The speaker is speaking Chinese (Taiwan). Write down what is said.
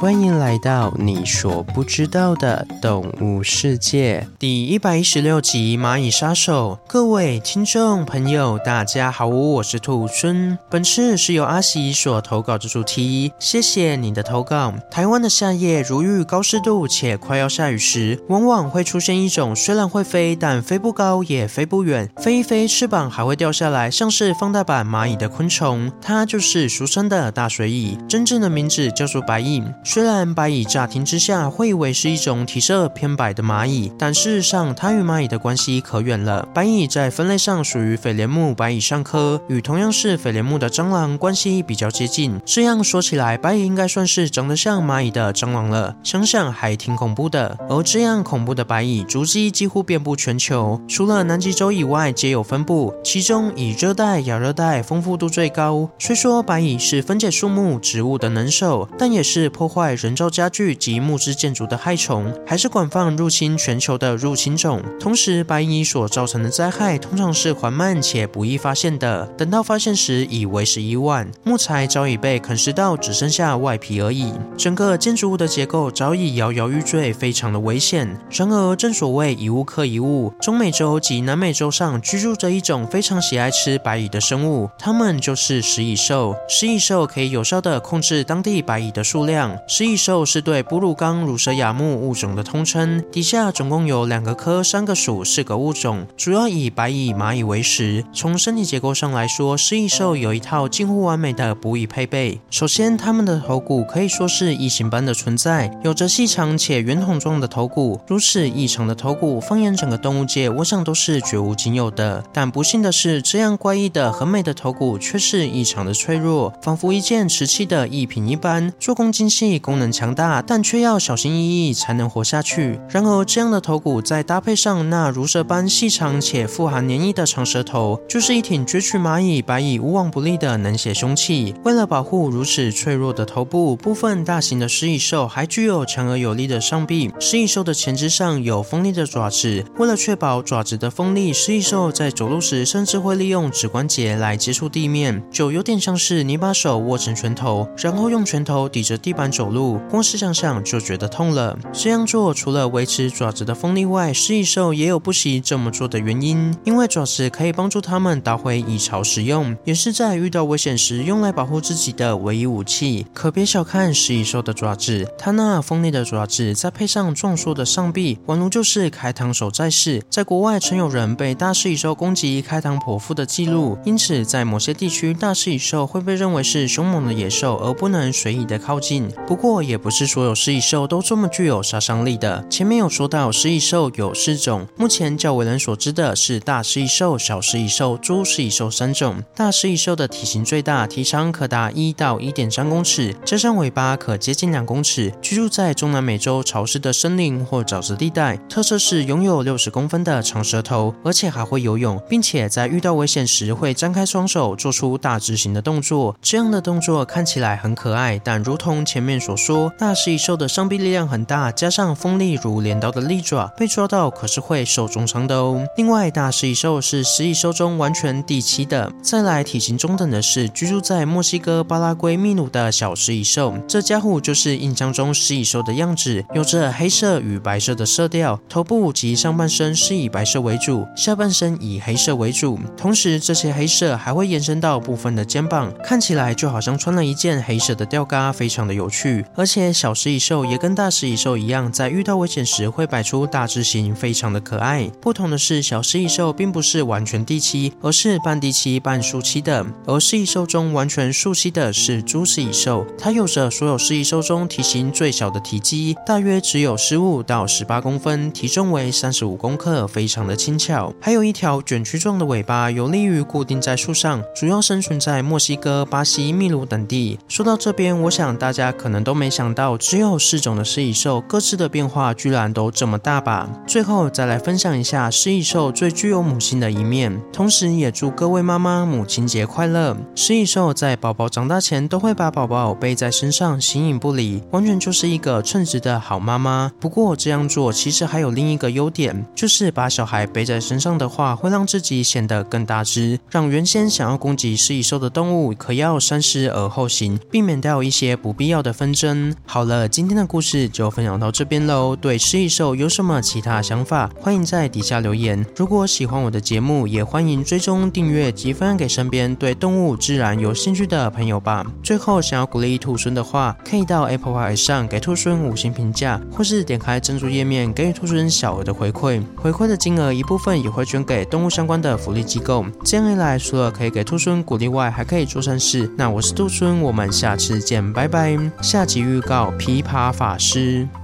歡迎來到你所不知道的動物世界，第一百一十六集螞蟻殺手。各位聽眾朋友，大家好，我是兔猻。本次是由阿喜所投稿的主題，謝謝你的投稿。台灣的夏夜，如遇高濕度且快要下雨時，往往會出現一種雖然會飛，但飛不高也飛不遠，飛一飛翅膀還會掉下來，像是放大版螞蟻的昆蟲，它就是俗稱的大水蟻，真正的名字叫做白蟻。雖然白蟻乍聽之下會以為是一種體色偏白的螞蟻，但事實上它與螞蟻的關係可遠了。白蟻在分類上屬於蜚蠊目白蟻上科，與同樣是蜚蠊目的蟑螂關係比較接近。這樣說起來，白蟻應該算是長得像螞蟻的蟑螂了，想想還挺恐怖的。而這樣恐怖的白蟻，足跡幾乎遍佈全球，除了南極洲以外皆有分布，其中以熱帶、亞熱帶豐富度最高。雖說白蟻是分解樹木、植物的能手，但也是破壞。人造家具及木製建築的害蟲，還是廣泛入侵全球的入侵種。同時，白蟻所造成的災害通常是緩慢且不易發現的，等到發現時已為時已晚，木材早已被啃食到只剩下外皮而已，整個建築物的結構早已搖搖欲墜，非常的危險。然而，正所謂一物克一物，中美洲及南美洲上居住着一種非常喜愛吃白蟻的生物，它們就是食蟻獸。食蟻獸可以有效地控制當地白蟻的數量。食蟻獸是對哺乳綱、蠕舌亞目物種的通稱，底下總共有兩個科、三個屬、四個物種，主要以白蟻、螞蟻為食。從身體結構上來說，食蟻獸有一套近乎完美的捕蟻配備。首先，它們的頭骨可以說是異形般的存在，有着細長且圓筒狀的頭骨。如此異常的頭骨，放眼整個動物界，我想都是絕無僅有的。但不幸的是，這樣怪異的、很美的頭骨卻是異常的脆弱，仿佛一件瓷器的藝品一般，做工精細。功能強大，但卻要小心翼翼才能活下去。然而，這樣的頭骨再搭配上那如蛇般細長且富含粘液的長舌頭，就是一挺攫取螞蟻、白蟻無往不利的冷血兇器。為了保護如此脆弱的頭部，部分大型的食蟻獸還具有強而有力的上臂。食蟻獸的前肢上有鋒利的爪子，為了確保爪子的鋒利，食蟻獸在走路時甚至會利用指關節來接觸地面，就有點像是你把手握成拳頭，然後用拳頭抵着地板走。路光是想想就覺得痛了。這樣做除了維持爪子的鋒利外，食蟻獸也有不惜這麼做的原因，因為爪子可以幫助它們打回蟻巢食用，也是在遇到危險時用來保護自己的唯一武器。可別小看食蟻獸的爪子，它那鋒利的爪子再配上壯碩的上臂，宛如就是開膛手再世。在國外曾有人被大食蟻獸攻擊開膛破腹的記錄，因此在某些地區，大食蟻獸會被認為是凶猛的野獸，而不能隨意的靠近。不過也不是所有食蟻獸都這麼具有殺傷力的。前面有說到食蟻獸有四種，目前較為人所知的是大食蟻獸、小食蟻獸、侏食蟻獸三種。大食蟻獸的體型最大，體長可達一到一點三公尺，加上尾巴可接近兩公尺。居住在中南美洲潮濕的森林或沼澤地帶，特色是擁有六十公分的長舌頭，而且還會游泳，並且在遇到危險時會張開雙手做出大字形的動作。這樣的動作看起來很可愛，但如同前面。所說，大食蟻獸的上臂力量很大，加上鋒利如鐮刀的利爪，被抓到可是會受重傷的哦。另外，大食蟻獸是食蟻獸中完全地棲的。再來，體型中等的是居住在墨西哥、巴拉圭、秘魯的小食蟻獸，這家伙就是印象中食蟻獸的樣子，有着黑色與白色的色調，頭部及上半身是以白色為主，下半身以黑色為主，同時這些黑色還會延伸到部分的肩膀，看起來就好像穿了一件黑色的吊嘎，非常的有趣。而且小食蟻獸也跟大食蟻獸一樣，在遇到危險時會擺出大字形，非常的可愛。不同的是，小食蟻獸並不是完全地棲，而是半地棲半樹棲的。而食蟻獸中完全樹棲的是侏食蟻獸，它有着所有食蟻獸中體型最小的體積，大約只有十五到十八公分，體重為三十五公克，非常的輕巧。還有一條捲曲狀的尾巴，有利於固定在樹上。主要生存在墨西哥、巴西、秘魯等地。說到這邊，我想大家可能。都沒想到，只有四種的食蟻獸，各自的變化居然都這麼大吧？最後再來分享一下食蟻獸最具有母性的一面，同時也祝各位媽媽母親節快樂。食蟻獸在寶寶長大前，都會把寶寶背在身上，形影不離，完全就是一個稱職的好媽媽。不過這樣做其實還有另一個優點，就是把小孩背在身上的話，會讓自己顯得更大隻，讓原先想要攻擊食蟻獸的動物，可要三思而後行，避免掉一些不必要的分。真好了，今天的故事就分享到這邊嘍。對，食蟻獸有什麼其他想法，歡迎在底下留言。如果喜歡我的節目，也歡迎追蹤訂閱，及分享給身邊對動物自然有興趣的朋友吧。最後，想要鼓勵兔猻的話，可以到 Apple Watch 上給兔猻五星評價，或是點開贊助頁面給予兔猻小額的回饋。回饋的金額一部分也會捐給動物相關的福利機構。這樣一來，除了可以給兔猻鼓勵外，還可以做善事。那我是兔猻，我們下次見，拜拜。下。下集預告：琵琶法師。